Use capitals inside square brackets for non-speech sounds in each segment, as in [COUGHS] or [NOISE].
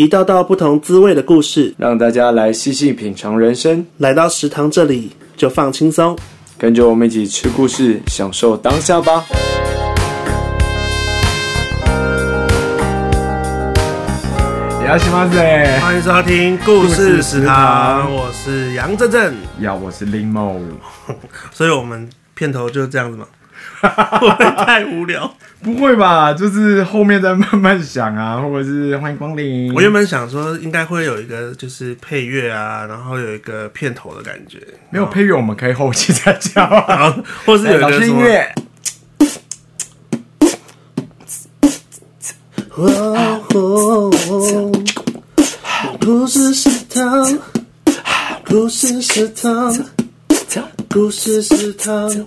一道道不同滋味的故事，讓大家來細細品嘗人生。來到食堂這裡，就放輕鬆，跟着我們一起吃故事，享受當下吧。你好，喜馬子，歡迎收聽《故事食堂》，我是楊震震，呀，我是林沫，所以，我們片頭就是這樣子嘛。 [LAUGHS] 我太無聊， [LAUGHS] 不會吧？就是後面再慢慢想啊，或者是歡迎光臨。我原本想說，應該會有一個就是配樂啊，然後有一個片頭的感覺。嗯、沒有配樂，我們可以後期再講啊 [LAUGHS] [LAUGHS] 或是有個、欸、食堂。啊不是食堂啊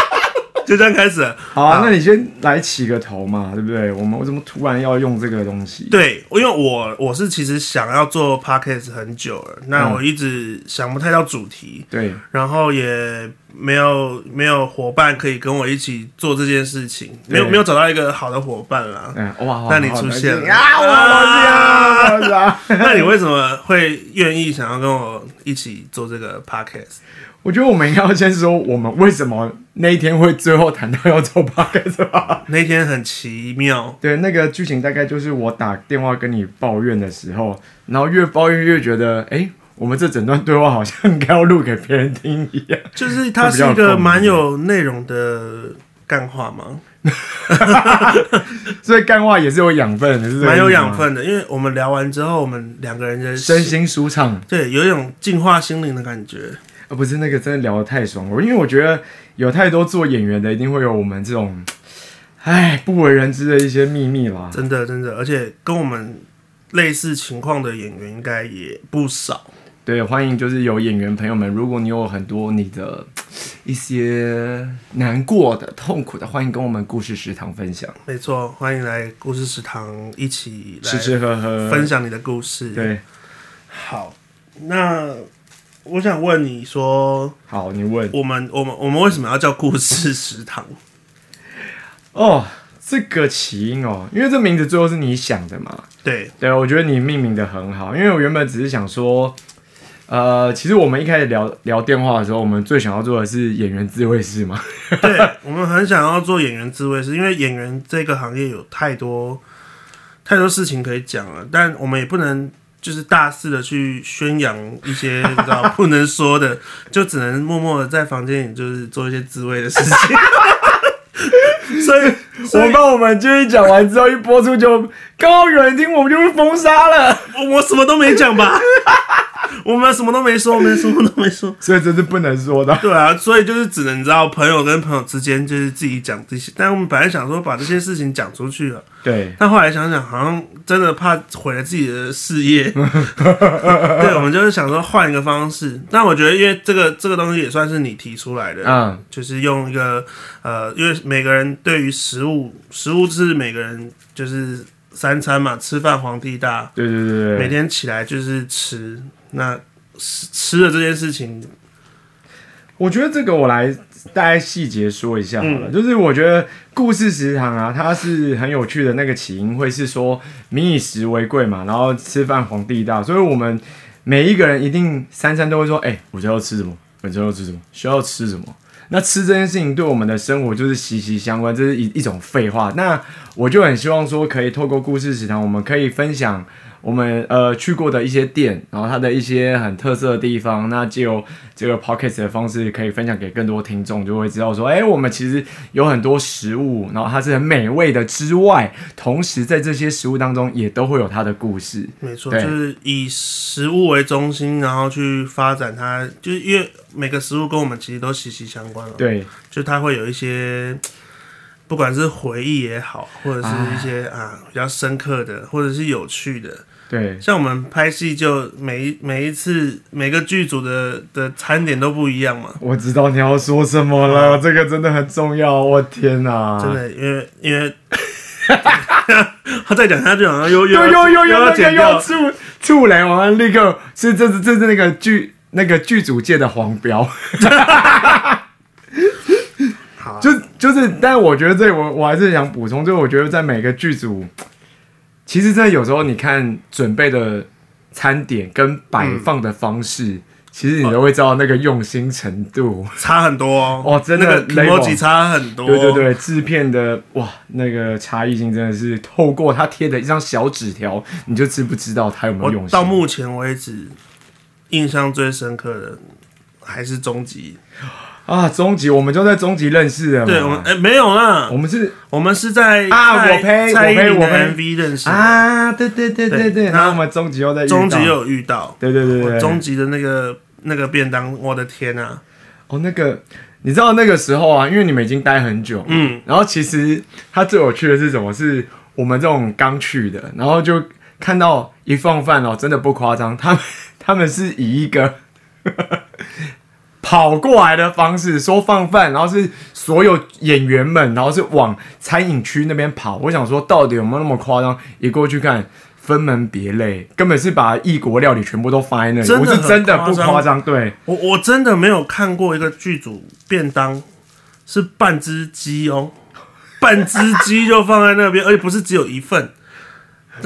就這樣開始，好，那你先來起個頭嘛，對不對？我們為什麼突然要用這個東西？對，因為我我是其實想要做 Podcast 很久了，那我一直想不太到主題，對，然後也沒有沒有夥伴可以跟我一起做這件事情，沒有沒有找到一個好的夥伴啦。那你出現了，那你為什麼會願意想要跟我一起做這個 Podcast？我覺得我們應該要先說我們為什麼那一天會最後談到要做 podcast 是吧。那天很奇妙，對那個劇情大概就是我打電話跟你抱怨的時候，然後越抱怨越覺得，哎，我們這整段對話好像該要錄給別人聽一樣。就是它是一個蠻有內容的幹話嘛， [LAUGHS] [LAUGHS] [LAUGHS] 所以幹話也是有養分的，是蠻有養分的。因為我們聊完之後，我們兩個人的身心舒暢，對，有一種淨化心靈的感覺。哦、不是那個真的聊得太爽了，因為我覺得有太多做演員的一定會有我們這種，唉，不為人知的一些秘密啦。真的，真的，而且跟我們類似情況的演員應該也不少。對，歡迎，就是有演員朋友們，如果你有很多你的一些難過的、痛苦的，歡迎跟我們故事食堂分享。沒錯，歡迎來故事食堂，一起來吃吃喝喝，分享你的故事。對，好，那。我想問你說，好，你問我們，我們，我們為什麼要叫故事食堂？哦，oh, 這個起因哦，因為這名字最後是你想的嘛？對，對，我覺得你命名得很好，因為我原本只是想說，呃，其實我們一開始聊聊電話的時候，我們最想要做的是演員自衛式嘛？ [LAUGHS] 對，我們很想要做演員自衛式，因為演員這個行業有太多太多事情可以講了，但我們也不能。就是大肆的去宣揚一些你知道不能說的， [LAUGHS] 就只能默默的在房間裡就是做一些自慰的事情。 [LAUGHS] 所以，我怕我們就一講完之後 [LAUGHS] 一播出就剛好有人聽，我們就會封殺了。我我什麼都沒講吧。 [LAUGHS] [LAUGHS] [LAUGHS] 我們什麼都沒說，我們什麼都沒說，所以這是不能說的。 [LAUGHS] 對啊，所以就是只能知道朋友跟朋友之間就是自己講這些。但我們本來想說把這些事情講出去了，對。但後來想想，好像真的怕毀了自己的事業。 [LAUGHS] 對，我們就是想說換一個方式。但我覺得，因為這個這個東西也算是你提出來的，嗯，就是用一個呃，因為每個人對於食物，食物是每個人就是三餐嘛，吃飯皇帝大。對，對對對。每天起來就是吃。那吃吃的這件事情，我覺得這個我來大概細節說一下好了。嗯、就是我覺得故事食堂啊，它是很有趣的。那個起因會是說“民以食為貴”嘛，然後吃飯皇帝大，所以我們每一個人一定三餐都會說：“哎、欸，我需要吃什麼？我需要吃什麼？需要吃什麼？”那吃這件事情對我們的生活就是息息相關，這是一一種廢話。那我就很希望說，可以透過故事食堂，我們可以分享。我們呃去過的一些店，然後它的一些很特色的地方，那就這個 podcast 的方式可以分享給更多聽眾，就會知道說，哎，我們其實有很多食物，然後它是很美味的之外，同時在這些食物當中也都會有它的故事。沒錯，對就是以食物為中心，然後去發展它，就是因為每個食物跟我們其實都息息相關了、哦。對，就它會有一些，不管是回憶也好，或者是一些啊，啊比較深刻的，或者是有趣的。對，像我們拍戲，就每一每一次每個劇組的的餐點都不一樣嘛。我知道你要說什麼了，哦、這個真的很重要。我天哪，真的，因為因為 [LAUGHS] [LAUGHS] 他在講他就講又對又又又要剪掉，出出來，我們立刻是這是這是那個劇那個劇組界的黃標。 [LAUGHS] [LAUGHS] 好、啊，就就是，但是我覺得這我我還是想補充，就是我覺得在每個劇組。其實，在有時候，你看準備的餐點跟擺放的方式，嗯、其實你都會知道那個用心程度差很多哦，哦真的 level 差很多。對對對，製片的哇，那個差異性真的是透過他貼的一張小紙條，你就知不知道他有沒有用心。到目前為止，印象最深刻的還是終極。啊！終極，我們就在終極認識的。對，我們哎，沒有啦，我們是，我們是在啊，我呸，我呸，我們 MV，認識啊！對對對對對，然後我們終極又在，終極又有遇到，對對對對，終極的那個那個便當，我的天吶！哦，那個你知道那個時候啊，因為你們已經待很久，嗯，然後其實他最有趣的是什麼？是我們這種剛去的，然後就看到一放飯哦，真的不誇張，他們他們是以一個。跑過來的方式說放飯，然後是所有演員們，然後是往餐飲區那邊跑。我想說，到底有沒有那麼誇張？一過去看，分門別類，根本是把異國料理全部都放在那裡。我是真的不誇張，對，我我真的沒有看過一個劇組便當是半隻雞哦，半隻雞就放在那邊， [LAUGHS] 而且不是只有一份，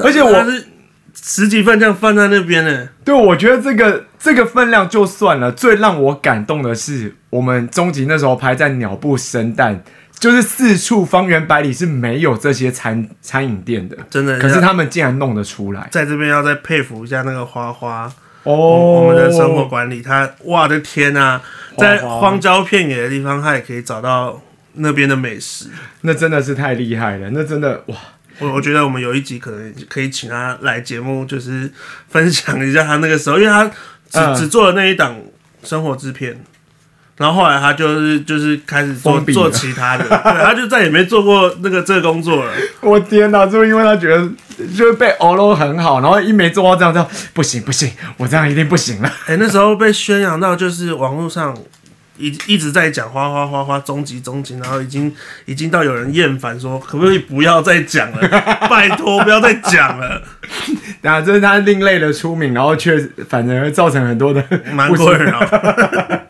而且我是。十幾份這樣放在那邊呢。對，我覺得這個這個分量就算了。最讓我感動的是，我們終極那時候拍在鳥不生蛋，就是四處方圓百里是沒有這些餐餐飲店的，真的。可是他們竟然弄得出來，在這邊要再佩服一下那個花花哦，我，我們的生活管理它，他哇的天吶、啊，花花在荒郊僻野的地方，他也可以找到那邊的美食，那真的是太厲害了，那真的哇。我我覺得我們有一集可能可以請他來節目，就是分享一下他那個時候，因為他只只做了那一檔生活製片，嗯、然後後來他就是就是開始做做其他的，他就再也沒做過那個這個、工作了。 [LAUGHS] 我天哪！就因為他覺得就是被 o l l o 很好，然後一沒做到這樣，就不行不行，我這樣一定不行了。哎，那時候被宣揚到就是網絡上。一一直在講花花花花終極終極，然後已經已經到有人厭煩說，說可不可以不要再講了？ [LAUGHS] 拜托不要再講了。那這是他另類的出名，然後卻反正會造成很多的。 [LAUGHS] 蠻多人啊。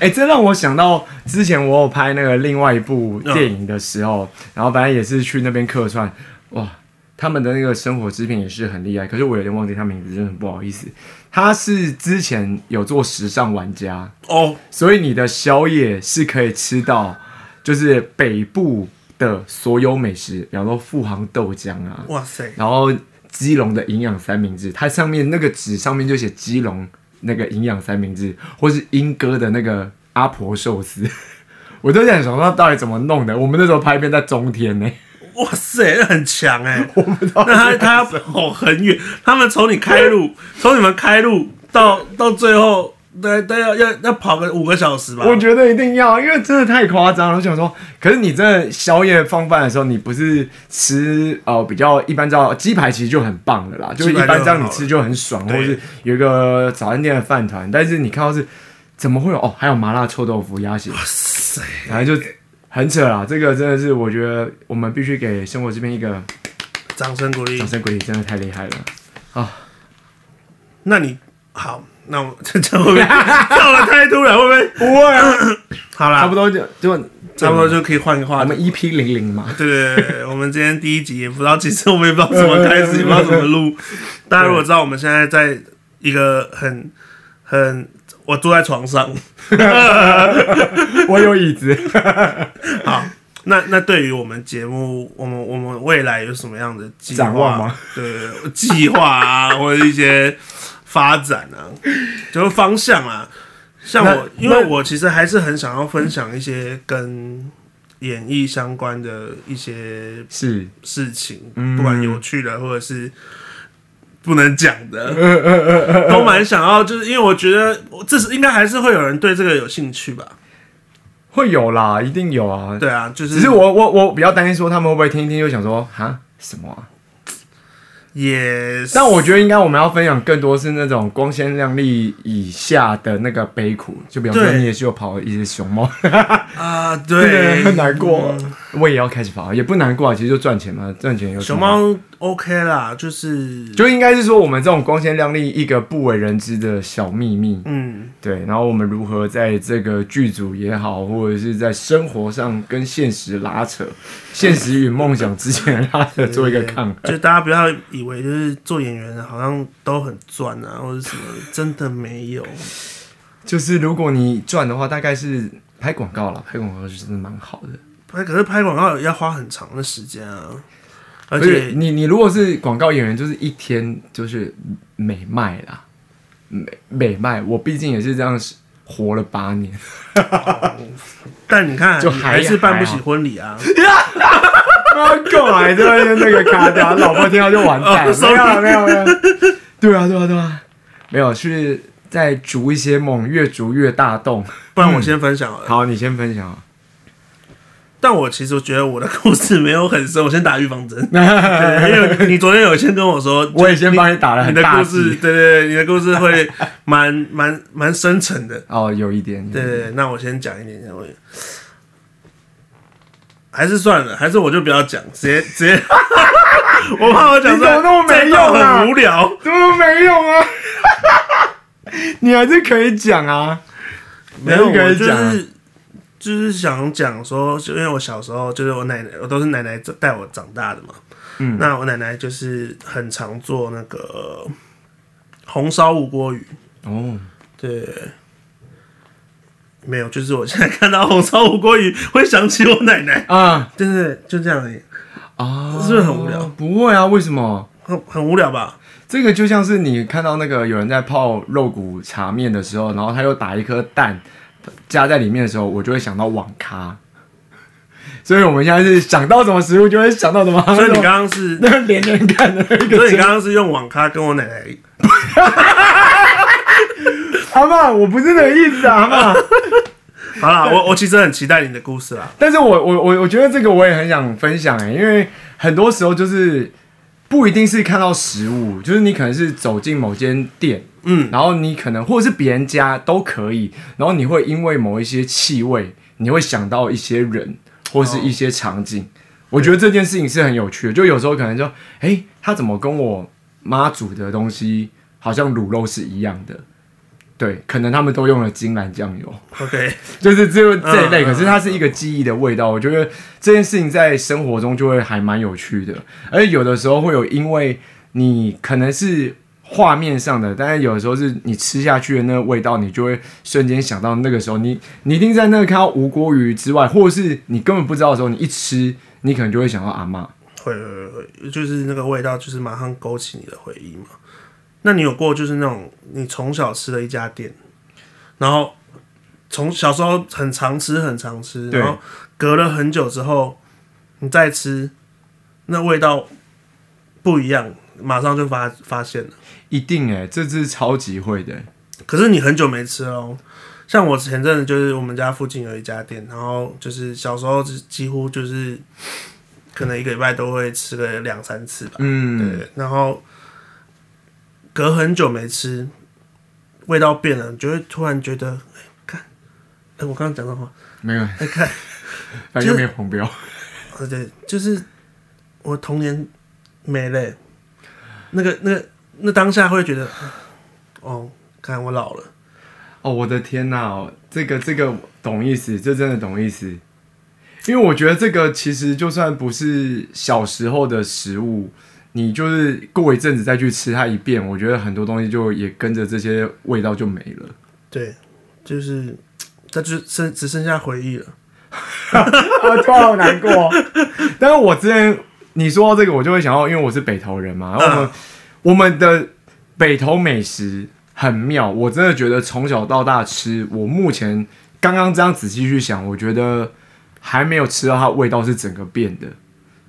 哎，這讓我想到之前我有拍那個另外一部電影的時候，嗯、然後反正也是去那邊客串。哇，他們的那個生活製片也是很厲害，可是我有點忘記他名字，真的很不好意思。他是之前有做時尚玩家哦，oh. 所以你的宵夜是可以吃到，就是北部的所有美食，比方說富航豆漿啊，哇塞，然後基隆的營養三明治，它上面那個紙上面就寫基隆那個營養三明治，或是鶯歌的那個阿婆壽司， [LAUGHS] 我都想說他到底怎麼弄的，我們那時候拍片在中天呢。哇塞，那很強哎、欸！ [LAUGHS] 那他他要跑他、哦、很遠，他們從你開路，對從你們開路到 [LAUGHS] 到最後，對都要要要跑個五個小時吧？我覺得一定要，因為真的太誇張了。我想說，可是你在宵夜放飯的時候，你不是吃哦、呃、比較一般，知道雞排其實就很棒的啦，就是一般這樣你吃就很爽，對或者是有一個早餐店的飯團。但是你看到是，怎麼會有哦？還有麻辣臭豆腐鴨血，哇塞！然後就。很扯啊，這個真的是我覺得我們必須給生活這邊一個掌聲鼓勵。掌聲鼓勵真的太厲害了啊！那你好，那我這後面到了太突然會不會？不會。好啦，差不多就就差不多就可以換個話，那我們 EP00 嘛。對對 [LAUGHS] 對，我們今天第一集也不知道，其實我們也不知道怎麼開始，也 [LAUGHS] 不知道怎麼錄。大家如果知道，我們現在在一個很很。我坐在床上， [LAUGHS] 我有椅子。 [LAUGHS] 好，那那對於我們節目，我們我們未來有什麼樣的計劃嗎？對，計劃啊， [LAUGHS] 或者一些發展啊，就是方向啊。像我，那因為我其實還是很想要分享一些跟演藝相關的一些事事情，嗯、不管有趣的或者是。不能講的，都蠻想要，就是因為我覺得，這是應該還是會有人對這個有興趣吧？會有啦，一定有啊。對啊，就是，只是我我我比較擔心說他們會不會聽一聽就想說哈什麼啊？也，Yes, 但我覺得應該我們要分享更多是那種光鮮亮麗以下的那個悲苦，就比方說你也是有跑一隻熊貓啊對呵、呃，對，很難過。嗯我也要開始跑，也不難過，其實就賺錢嘛，賺錢有什麼？熊貓 OK 啦，就是就應該是說我們這種光鮮亮麗、一個不為人知的小秘密，嗯，對。然後我們如何在這個劇組也好，或者是在生活上跟現實拉扯，嗯、現實與夢想之間拉扯，嗯、做一個抗衡、嗯。 [LAUGHS] 就大家不要以為就是做演員好像都很賺啊，或者什麼， [LAUGHS] 真的沒有。就是如果你賺的話，大概是拍廣告啦，拍廣告是真的蠻好的。哎，可是拍廣告要花很長的時間啊，而且你你如果是廣告演員，就是一天就是美賣啦，美美賣。我畢竟也是這樣活了八年，但你看，就還是辦不起婚禮啊！啊，夠了，對不對？那個卡達老婆聽到就完蛋，沒有沒有沒有，對啊對啊對啊，沒有是在逐一些夢，越逐越大洞，不然我先分享好了。好，你先分享啊。但我其實覺得我的故事沒有很深，我先打預防針。對對對，你昨天有先跟我說，我也先幫你打了很大。你的故事，對，對對，你的故事會蠻蠻蠻深沉的。哦，有一點。一點，對，對，對，那我先講一點，點，我還是算了，還是我就不要講，直接直接。 [LAUGHS] [LAUGHS] 我怕我講，怎麼那麼沒用，很無聊，怎麼沒用啊？ [LAUGHS] 你還是可以講啊，沒有，沒有可以講就是想講說，就因為我小時候就是我奶奶，我都是奶奶帶我長大的嘛。嗯，那我奶奶就是很常做那個紅燒吳郭魚。哦，對，沒有，就是我現在看到紅燒吳郭魚會想起我奶奶啊，就是，就這樣而已。啊，是不是很無聊？不會啊，為什麼？很很無聊吧？這個就像是你看到那個有人在泡肉骨茶麵的時候，然後他又打一顆蛋。加在裡面的時候，我就會想到網咖， [LAUGHS] 所以我們現在是想到什麼食物就會想到什麼。所以你剛剛是連連看的，所以你剛剛是用網咖跟我奶奶。 [LAUGHS] [LAUGHS] 阿嬤，我不是那個意思啊，阿嬤、啊，好啦，我我其實很期待你的故事啦。 [LAUGHS] 但是我我我我覺得這個我也很想分享哎、欸，因為很多時候就是不一定是看到食物，就是你可能是走進某間店。嗯，然後你可能或者是別人家都可以，然後你會因為某一些氣味，你會想到一些人或是一些場景。嗯、我覺得這件事情是很有趣的，嗯、就有時候可能就哎，他怎麼跟我媽煮的東西好像滷肉是一樣的？對，可能他們都用了金蘭醬油。OK，嗯、就是這這一類，嗯、可是它是一個記憶的味道。嗯、我覺得這件事情在生活中就會還蠻有趣的，嗯、而且有的時候會有因為你可能是。畫面上的，但是有的時候是你吃下去的那個味道，你就會瞬間想到那個時候，你你一定在那看到無骨魚之外，或者是你根本不知道的時候，你一吃，你可能就會想到阿嬤。會會會，就是那個味道，就是馬上勾起你的回憶嘛。那你有過就是那種你從小吃的一家店，然後從小時候很常吃很常吃，對然後隔了很久之後你再吃，那味道不一樣。馬上就發发現了，一定哎、欸，這只是超級會的。可是你很久沒吃哦、喔，像我前陣子就是我們家附近有一家店，然後就是小時候是幾乎就是，可能一個禮拜都會吃個兩三次吧。嗯，對。然後隔很久沒吃，味道變了，就會突然覺得，哎、欸，看，哎、欸，我剛剛講的話沒有，欸、看， [LAUGHS] 反正又沒有紅標、就是。對，就是我童年沒了。那個、那、那當下會覺得，哦，看我老了。哦，我的天哪，這個、這個懂意思，這真的懂意思。因為我覺得這個其實就算不是小時候的食物，你就是過一陣子再去吃它一遍，我覺得很多東西就也跟着這些味道就沒了。對，就是它就剩只剩下回憶了。我、 [LAUGHS] 啊、好難過。 [LAUGHS] 但是我之前。你說到這個，我就會想到，因為我是北投人嘛，嗯、我們我們的北投美食很妙。我真的覺得從小到大吃，我目前剛剛這樣仔細去想，我覺得還沒有吃到它的味道是整個變的。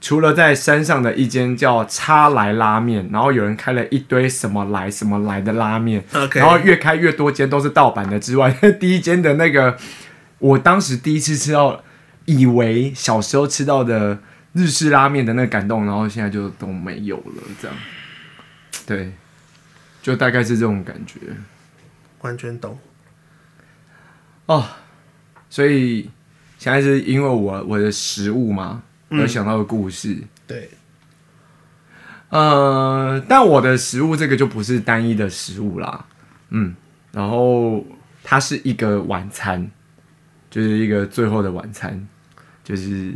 除了在山上的一間叫叉來拉麵，然後有人開了一堆什麼來什麼來的拉麵，Okay. 然後越開越多間都是盜版的之外，第一間的那個，我當時第一次吃到，以為小時候吃到的，日式拉面的那個感動，然後現在就都沒有了，這樣，對，就大概是這種感覺，完全懂，哦，oh, 所以現在是因為我我的食物嘛，而、嗯、想到的故事，對，呃，uh, 但我的食物這個就不是單一的食物啦，嗯，然後它是一個晚餐，就是一個最後的晚餐，就是。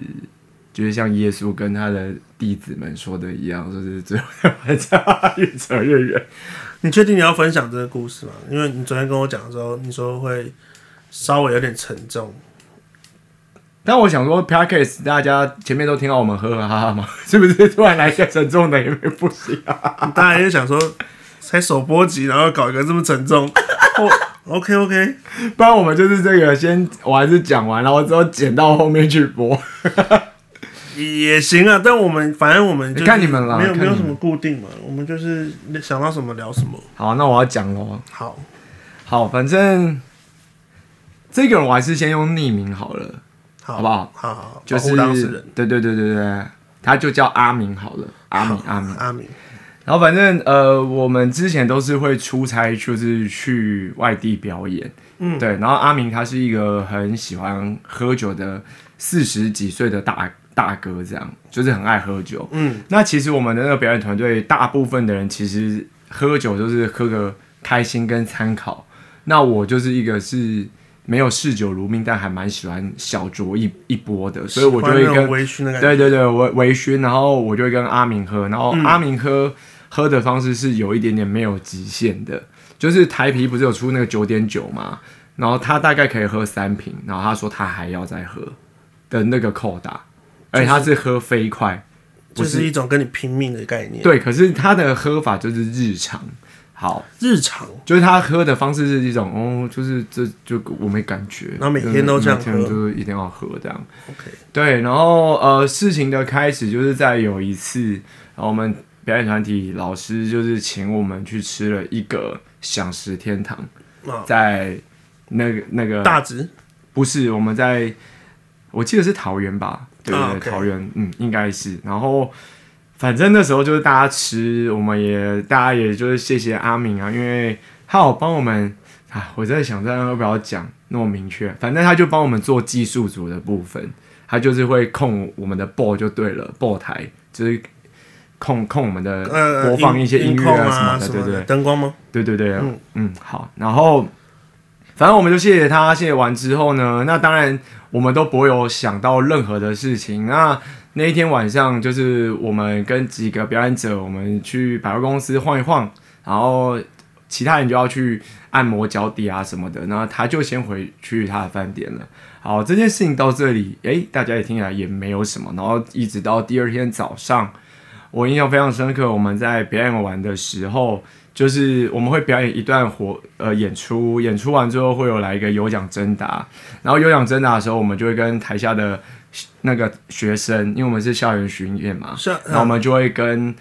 就是像耶穌跟他的弟子們說的一樣，就是最後越走越遠。你確定你要分享這個故事嗎？因為你昨天跟我講的時候，你說會稍微有點沉重。但我想說 Packets 大家前面都聽到我們呵呵哈哈嘛，是不是？突然來一下沉重的，有沒不行啊？你當然就想說，才首播集，然後搞一個這麼沉重我 [LAUGHS] ，OK OK。不然我們就是這個，先我還是講完，然後之後剪到後面去播。 [LAUGHS] 也行啊，但我們反正我們看你們啦，沒有沒有什麼固定嘛，我們就是想到什麼聊什麼。好，那我要講囉，好，好，反正這個人我還是先用匿名好了，好不好？好，就是對對對對對，他就叫阿明好了，阿明阿明阿明。然後反正呃，我們之前都是會出差，就是去外地表演，嗯，對。然後阿明他是一個很喜歡喝酒的四十幾歲的大大哥，這樣就是很愛喝酒。嗯，那其實我們的那個表演團隊大部分的人其實喝酒就是喝個開心跟參考。那我就是一個是沒有嗜酒如命，但還蠻喜歡小酌一一波的。所以我就會跟喜歡那種微醺的感覺，對對對，我微，微醺，然後我就會跟阿明喝。然後阿明喝、嗯、喝的方式是有一點點沒有極限的，就是台啤不是有出那個九點九嘛？然後他大概可以喝三瓶，然後他說他還要再喝的那個扣打。而且他是喝飛快，就是、是就是一種跟你拼命的概念。對，可是他的喝法就是日常，好日常就是他喝的方式是一種，哦，就是這就我沒感覺。然後每天都這樣喝，就，每天就是一定要喝這樣。OK，對，然後呃，事情的開始就是在有一次，然後我們表演團體老師就是請我們去吃了一個饗食天堂，好在那個那個大直，不是我們在，我記得是桃園吧。對，啊 okay、桃園，嗯，應該是。然後，反正那時候就是大家吃，我們也大家也就是謝謝阿明啊，因為他有幫我們。啊，我在想，這樣要不要講那麼明確？反正他就幫我們做技術組的部分，他就是會控我們的爆就對了，爆台就是控控我們的播放一些音樂啊什麼的，對對對、呃啊啊，燈光嗎？對對對，嗯，嗯，好。然後，反正我們就謝謝他，謝謝完之後呢，那當然。我們都不會有想到任何的事情。那那一天晚上，就是我們跟幾個表演者，我們去百貨公司晃一晃，然後其他人就要去按摩腳底啊什麼的。然後他就先回去他的飯店了。好，這件事情到這裡，誒，大家也聽起來也沒有什麼。然後一直到第二天早上，我印象非常深刻，我們在表演完的時候。就是我們會表演一段活呃演出，演出完之後會有來一個有獎徵答，然後有獎徵答的時候，我們就會跟台下的那個學生，因為我們是校園巡演嘛，是、啊，那我們就會跟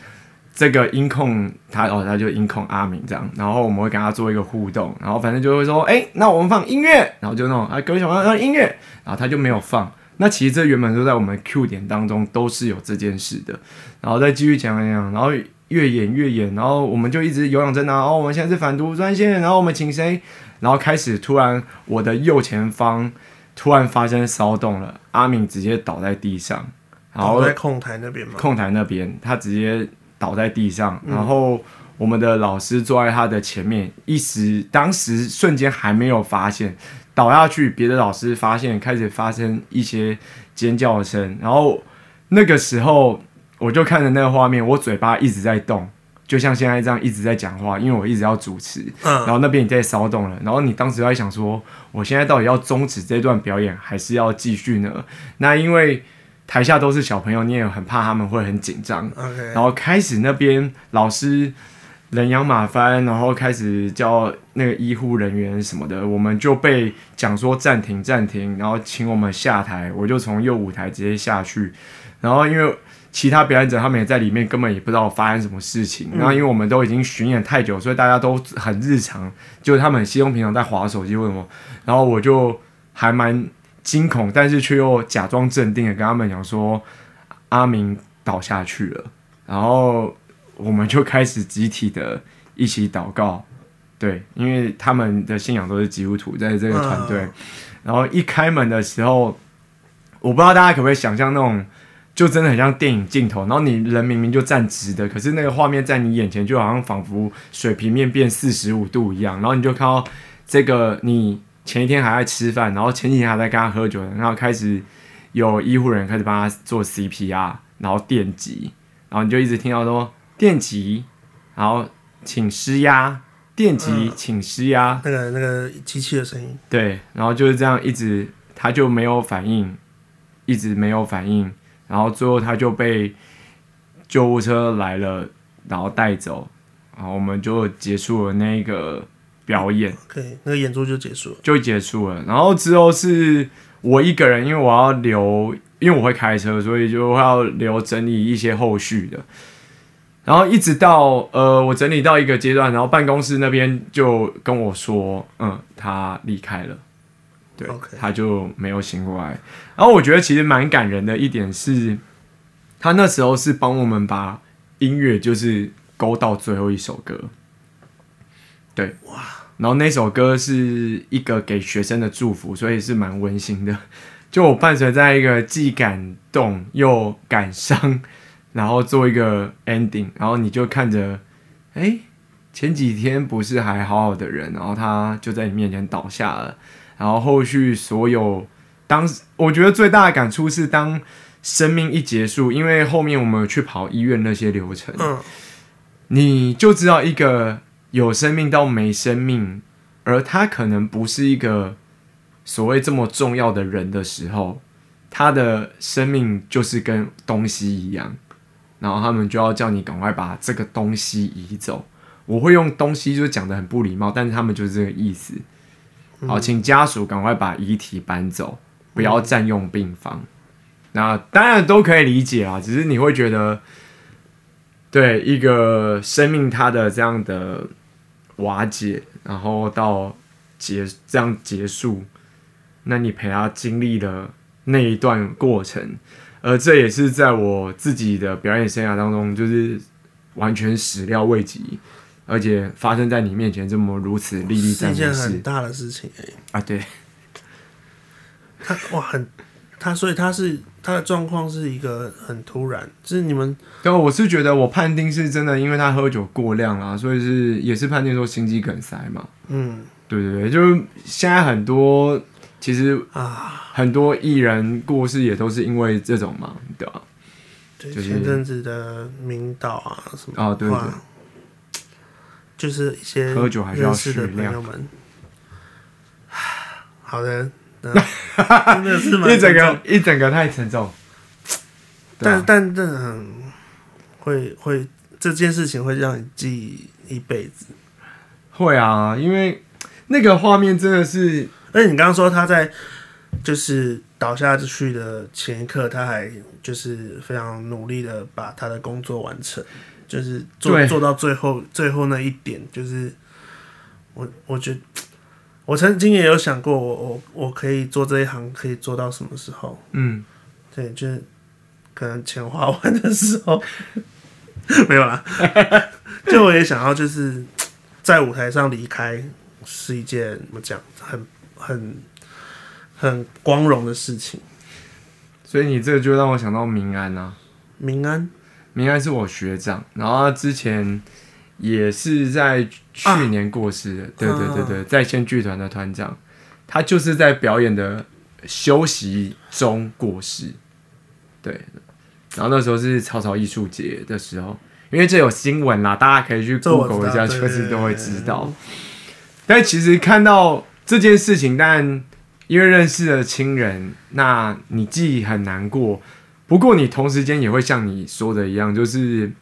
這個音控他哦，他就音控阿明這樣，然後我們會跟他做一個互動，然後反正就會說，哎、欸，那我們放音樂，然後就那種哎、啊，各位小朋友放音樂，然後他就沒有放，那其實這原本都在我們 Q 點當中都是有這件事的，然後再繼續講一講，然後。越演越演，然後我們就一直有氧針啊，哦，然後我們現在是反毒專線，然後我們請誰？然後開始突然我的右前方突然發生騷動了，阿敏直接倒在地上，然後在控台那邊嘛，控台那邊他直接倒在地上，然後我們的老師坐在他的前面，嗯、一時當時瞬間還沒有發現倒下去，別的老師發現開始發生一些尖叫聲，然後那個時候。我就看着那個畫面，我嘴巴一直在動，就像現在這樣一直在講話，因為我一直要主持。嗯。然後那邊已經在騷動了，然後你當時在想說，我現在到底要終止這段表演，還是要繼續呢？那因為台下都是小朋友，你也很怕他們會很緊張。Okay. 然後開始那邊老師人仰馬翻，然後開始叫那個醫護人員什麼的，我們就被講說暫停，暫停，然後請我們下台。我就從右舞台直接下去，然後因為。其他表演者他們也在裡面，根本也不知道發生什麼事情。然後、嗯，因為我們都已經巡演太久，所以大家都很日常，就是他們稀鬆平常在劃手機，或什麼。然後我就還蠻驚恐，但是卻又假裝鎮定的跟他們講說：“阿明倒下去了。”然後我們就開始集體的一起禱告，對，因為他們的信仰都是基督徒，在這個團隊。啊、然後一開門的時候，我不知道大家可不可以想象那種。就真的很像電影鏡頭，然後你人明明就站直的，可是那個畫面在你眼前就好像仿佛水平面變四十五度一樣，然後你就看到這個你前一天還在吃飯，然後前幾天還在跟他喝酒，然後開始有醫護人員開始幫他做 CPR，然後電擊，然後你就一直聽到說電擊，然後請施壓，電擊，嗯、請施壓、那個，那個那個機器的聲音，對，然後就是這樣一直他就沒有反應，一直沒有反應。然後最後他就被救護車來了，然後帶走，然後我們就結束了那個表演，okay, 那個演出就結束了，就結束了。然後之後是我一個人，因為我要留，因為我會開車，所以就要留整理一些後續的。然後一直到呃，我整理到一個階段，然後辦公室那邊就跟我說，嗯，他離開了。對，Okay. 他就沒有醒過來。然後我覺得其實蠻感人的一點是，他那時候是幫我們把音樂就是勾到最後一首歌。對，哇！然後那首歌是一個給學生的祝福，所以是蠻溫馨的。就我伴隨在一個既感動又感傷，然後做一個 ending，然後你就看着，哎，前幾天不是還好好的人，然後他就在你面前倒下了。然後後續所有當，當我覺得最大的感觸是，當生命一結束，因為後面我們去跑醫院那些流程，你就知道一個有生命到沒生命，而他可能不是一個所謂這麼重要的人的時候，他的生命就是跟東西一樣，然後他們就要叫你趕快把這個東西移走。我會用東西就講得很不禮貌，但是他們就是這個意思。好，請家屬趕快把遺體搬走，不要占用病房。嗯、那當然都可以理解啊，只是你會覺得，對一個生命，它的這樣的瓦解，然後到結這樣結束，那你陪他經歷了那一段過程，而這也是在我自己的表演生涯當中，就是完全始料未及。而且發生在你面前這麼如此歷歷在目，是一件很大的事情、欸。啊，對，他哇，很他，所以他是他的狀況是一個很突然，就是你們對，我是覺得我判定是真的，因為他喝酒過量啦、啊，所以是也是判定說心肌梗塞嘛。嗯，對對對，就是現在很多其實啊，很多藝人過世也都是因為這種嘛，對吧？對，前陣子的名導啊什麼啊，對、對、對。就是一些認識的朋友們。好的， [LAUGHS] 真的是嗎？一整個一整個太沉重。 [COUGHS] 但但這種、嗯、會會這件事情會讓你記一輩子。會啊，因為那個畫面真的是，而且你剛剛說他在就是倒下去的前一刻，他還就是非常努力的把他的工作完成。就是做對做到最後最後那一點，就是我，我覺得，我曾經也有想過我，我我我可以做這一行，可以做到什麼時候？嗯，對，就是可能錢花完的時候， [LAUGHS] [LAUGHS] 沒有啦啦。 [LAUGHS] 就我也想要，就是在舞台上離開是一件，怎麼講，很很很光榮的事情。所以你這個就讓我想到民安啊，民安。應該是我學長，然後他之前也是在去年過世的，啊、對對對對，在線劇團的團長，他就是在表演的休息中過世，對，然後那時候是草草藝術節的時候，因為這有新聞啦，大家可以去 Google 一下，就是都會知道。知道但其實看到這件事情，但因為認識的親人，那你既很難過。不過你同時間也會像你說的一樣，就是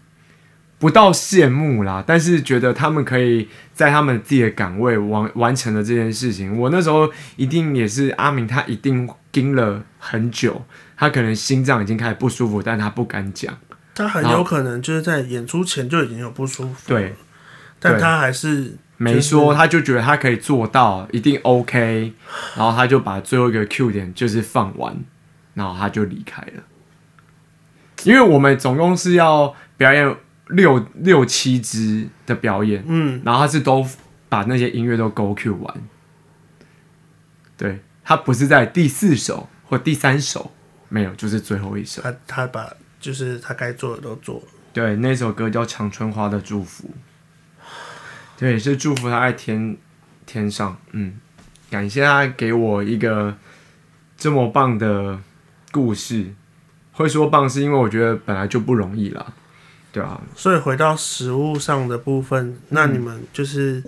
不到羨慕啦，但是覺得他們可以在他們自己的崗位完完成了這件事情。我那時候一定也是阿明，他一定盯了很久，他可能心臟已經開始不舒服，但他不敢講，他很有可能就是在演出前就已經有不舒服，對，但他還是、就是、沒說，他就覺得他可以做到，一定 OK，然後他就把最後一個 Q 點就是放完，然後他就離開了。因為我們總共是要表演六六七支的表演，嗯，然後他是都把那些音樂都 go cue 完，對，他不是在第四首或第三首，沒有，就是最後一首。他他把就是他該做的都做了。對，那首歌叫《長春花的祝福》，對，是祝福他在天天上，嗯，感謝他給我一個這麼棒的故事。會說棒是因為我覺得本來就不容易了。對啊。所以回到食物上的部分，嗯、那你們就是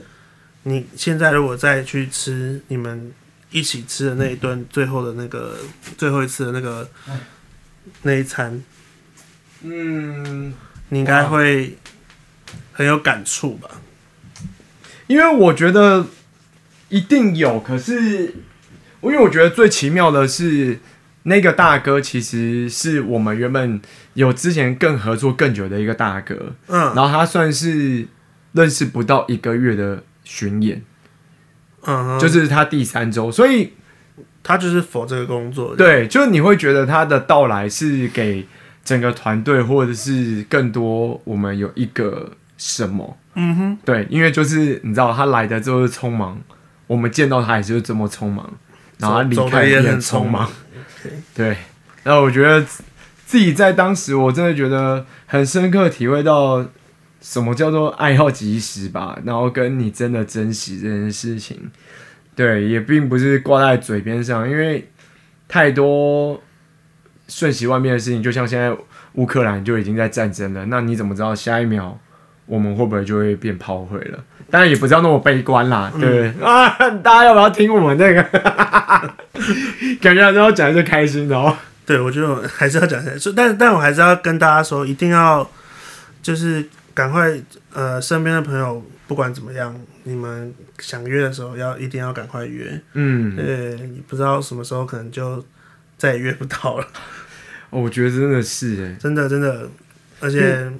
你現在如果再去吃你們一起吃的那一頓、嗯、最後的那個最後一次的那個唉那一餐，嗯，你應該會很有感觸吧？因為我覺得一定有，可是因為我覺得最奇妙的是。那個大哥其實是我們原本有之前更合作更久的一個大哥，嗯，然後他算是認識不到一個月的巡演，嗯哼，就是他第三周，所以他就是 for 這個工作，對，就是你會覺得他的到來是給整個團隊或者是更多我們有一個什麼，嗯哼，對，因為就是你知道他來的就是匆忙，我們見到他也是這麼匆忙，然後他離開也很匆忙。對，然後我覺得自己在當時，我真的覺得很深刻體會到什麼叫做愛要及時吧，然後跟你真的珍惜這件事情，對，也並不是掛在嘴邊上，因為太多瞬息萬變的事情，就像現在烏克蘭就已經在戰爭了，那你怎麼知道下一秒？我們會不會就會變炮灰了？當然也不是要那麼悲觀啦，對、嗯、啊，大家要不要聽我們那個？ [LAUGHS] 感覺要講一個開心的、喔、哦。對，我覺得我還是要講些，但但我還是要跟大家說，一定要就是趕快，呃，身邊的朋友不管怎麼樣，你們想約的時候要一定要趕快約，嗯，對，不知道什麼時候可能就再也約不到了。哦、我覺得真的是哎，真的真的，而且。嗯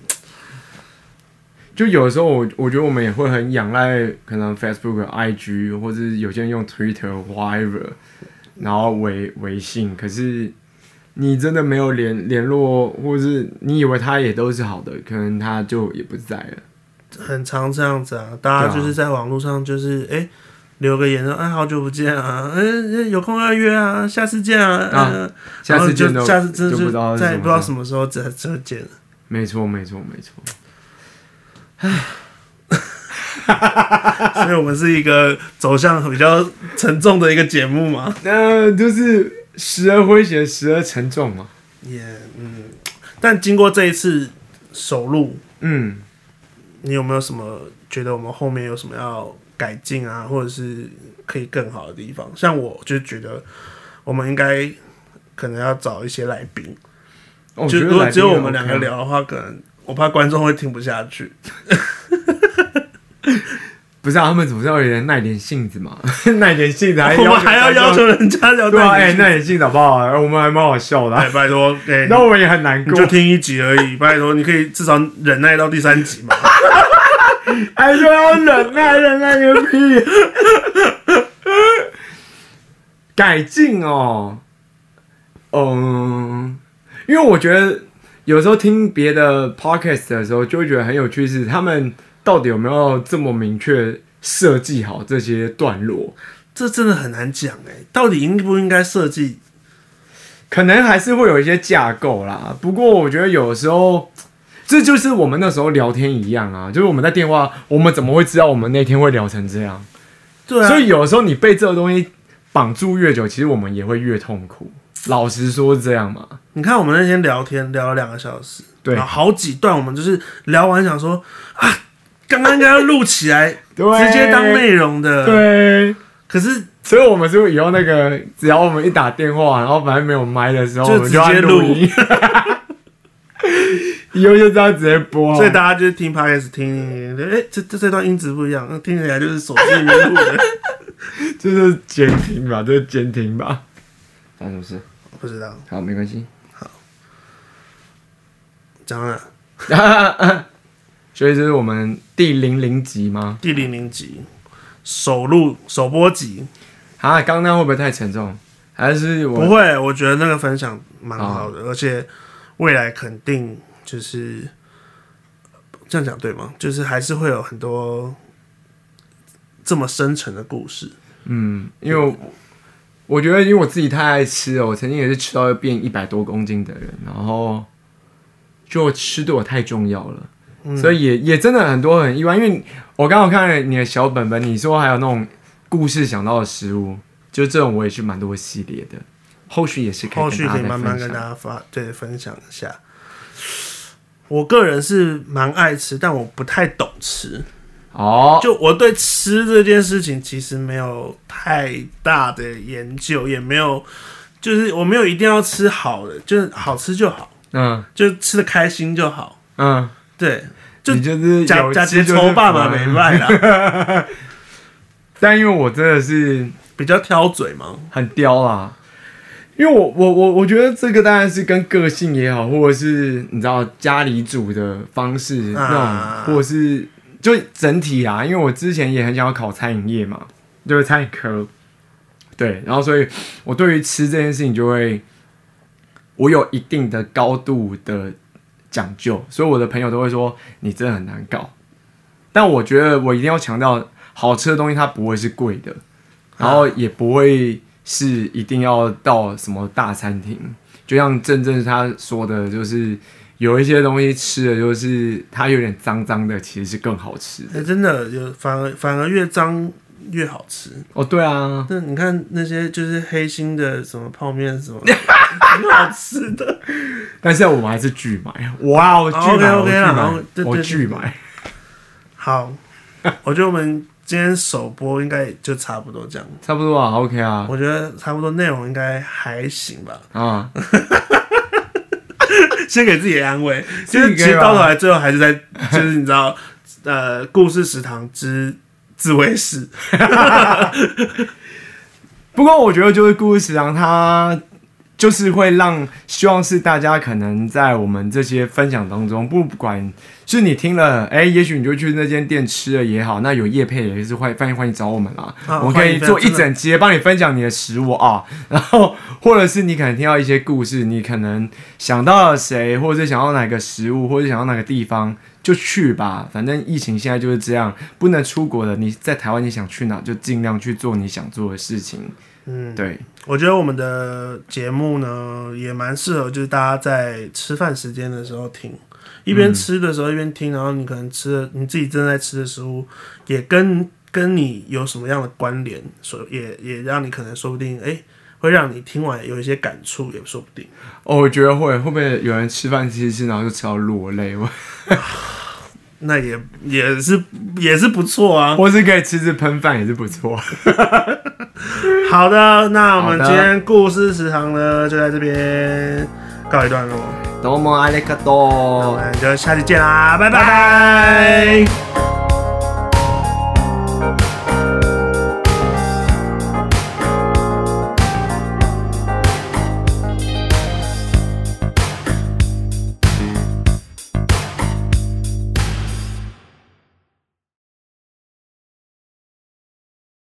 就有的時候我，我我覺得我們也會很仰賴，可能 Facebook、IG 或者是有些人用 Twitter、Whatever 然後微微信。可是你真的沒有聯聯絡，或是你以為他也都是好的，可能他就也不在了。很常這樣子啊，大家就是在網絡上就是哎、啊，留個言說哎好久不見啊，嗯，有空要約啊，下次見啊，呃、啊下次見就，下次真的就就不知道、啊、不知道什麼時候再再見了。沒錯，沒錯，沒錯。 [LAUGHS] [LAUGHS] 所以我們是一個走向比較沉重的一個節目嘛，那、 [LAUGHS] 呃、就是時而詼諧，時而沉重嘛。也、yeah, 嗯，但經過這一次首錄，嗯，你有沒有什麼覺得我們後面有什麼要改進啊，或者是可以更好的地方？像我就覺得我們應該可能要找一些來賓，oh, 就、我覺得來賓還 OK 啊、如果只有我們兩個聊的話，可能。我怕觀眾會聽不下去 [LAUGHS] 不、啊，不知道他們怎麼叫人耐點性子嘛，耐點性子還要，我們還要要求人家要耐哎、啊欸，耐點性子好不好？我們還蠻好笑的、啊欸，拜托，那、欸、我們也很難過，就聽一集而已，拜托，你可以至少忍耐到第三集嘛？還說要忍耐，忍耐個屁！ [LAUGHS] 改進哦，嗯，因為我覺得。有時候聽別的 podcast 的時候，就會覺得很有趣，是他們到底有沒有這麼明確設計好這些段落？這真的很難講欸，到底應不應該設計？可能還是會有一些架構啦。不過我覺得有時候這就是我們那時候聊天一樣啊，就是我們在電話，我們怎麼會知道我們那天會聊成這樣？對啊，所以有時候你被這個東西綁住越久，其實我們也會越痛苦。老實說是這樣嘛？你看我們那天聊天聊了兩個小時，對，好幾段我們就是聊完想說啊，剛剛應該要錄起來， [LAUGHS] 對，直接當內容的，對。可是，所以我們是不是以後那個，只要我們一打電話，然後反正沒有麥的時候，就直接錄音。 [LAUGHS] 以後就這樣直接播，所以大家就是聽 Podcast，聽聽，聽，哎，這這這段音質不一樣，那聽起來就是手機錄的， [LAUGHS] 就是監聽吧，就是監聽吧，是不是？不知道，好，沒關係。好，講了， [LAUGHS] [LAUGHS] 所以這是我們第零零集嗎？第零零集，首錄首播集。啊，剛剛那會不會太沉重？還是我不會？我覺得那個分享蠻好的，好而且未來肯定就是這樣講對嗎？就是還是會有很多這麼深沉的故事。嗯，因為。嗯我覺得，因為我自己太愛吃了，我曾經也是吃到變一百多公斤的人，然後就吃對我太重要了，所以也也真的很多很意外，因為我剛好看了你的小本本，你說還有那種故事想到的食物，就這種我也是蠻多系列的，後續也是可以後續可以慢慢跟大家發，對，分享一下。我個人是蠻愛吃，但我不太懂吃。哦，oh, 就我對吃這件事情其實沒有太大的研究，也沒有，就是我沒有一定要吃好的，就是好吃就好，嗯，就吃的開心就好，嗯，對，就假假其實爸爸沒辦法。 [LAUGHS] 但因為我真的是比較挑嘴嘛，很刁啊。因為我我我我覺得這個當然是跟個性也好，或者是你知道家裡煮的方式、啊、那種，或者是。就整體啊，因為我之前也很想要考餐飲業嘛，就是餐飲科，對，然後所以我對於吃這件事情，就會我有一定的高度的講究，所以我的朋友都會說你真的很難搞。但我覺得我一定要強調，好吃的東西它不會是貴的，然後也不會是一定要到什麼大餐廳，就像震震他說的，就是。有一些東西吃的就是它有點髒髒的，其實是更好吃的。真的，反而反而越髒越好吃哦。對啊，那你看那些就是黑心的什麼泡面什麼，挺好吃的。但是我們還是拒買。哇，我拒買，拒買，我拒買。好，我覺得我們今天首播應該就差不多這樣。差不多啊，OK 啊。我覺得差不多內容應該還行吧。啊。先給自己安慰，其實其實到頭來最後還是在，就是你知道， [LAUGHS] 呃，故事食堂之自慰室。 [LAUGHS] [LAUGHS] [LAUGHS] 不過我覺得就是故事食堂它。就是會讓希望是大家可能在我們這些分享當中，不管是你聽了，哎、欸，也許你就去那間店吃了也好，那有業配也是會歡迎歡迎找我們啦，好我們可以做一整集幫常你分享你的食物啊，然後或者是你可能聽到一些故事，你可能想到了誰，或者是想到哪個食物，或者想到哪個地方，就去吧。反正疫情現在就是這樣，不能出國的，你在台灣你想去哪就儘量去做你想做的事情。嗯，對，我覺得我們的節目呢也蠻適合，就是大家在吃飯時間的時候聽，一邊吃的時候一邊聽，嗯、然後你可能吃的你自己正在吃的食物，也跟跟你有什麼樣的關聯，所以也也讓你可能說不定，誒會讓你聽完有一些感觸也說不定。哦，我覺得會，會不會有人吃飯吃吃，吃，然後就吃到落淚？ [LAUGHS] 那也也是，也是不錯啊，或是可以吃吃噴飯也是不錯。 [LAUGHS] [LAUGHS] 好的，那我們今天故事食堂呢就在這邊告一段落。多麼阿里嘎多，那我們就下次見啦，拜拜。Bye bye